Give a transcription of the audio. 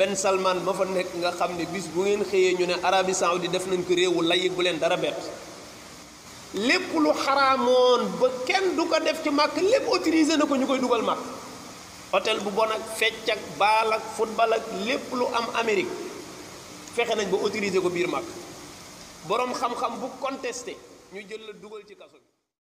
benn Salman ma fa nekk nga xam ne bis bu ngeen xëyee ñu ne Arabie Saoudite def nañ ko réewu layig bu leen dara bett lépp lu xaraamoon ba kenn du ko def ci mag lépp autorisé na ko ñu koy dugal màkk hôtel bu bon ak fecc ak baal ak football ak lépp lu am Amérique fexe nañ ba autorisé ko biir mag boroom xam-xam bu contesté ñu jël la dugal ci kaso bi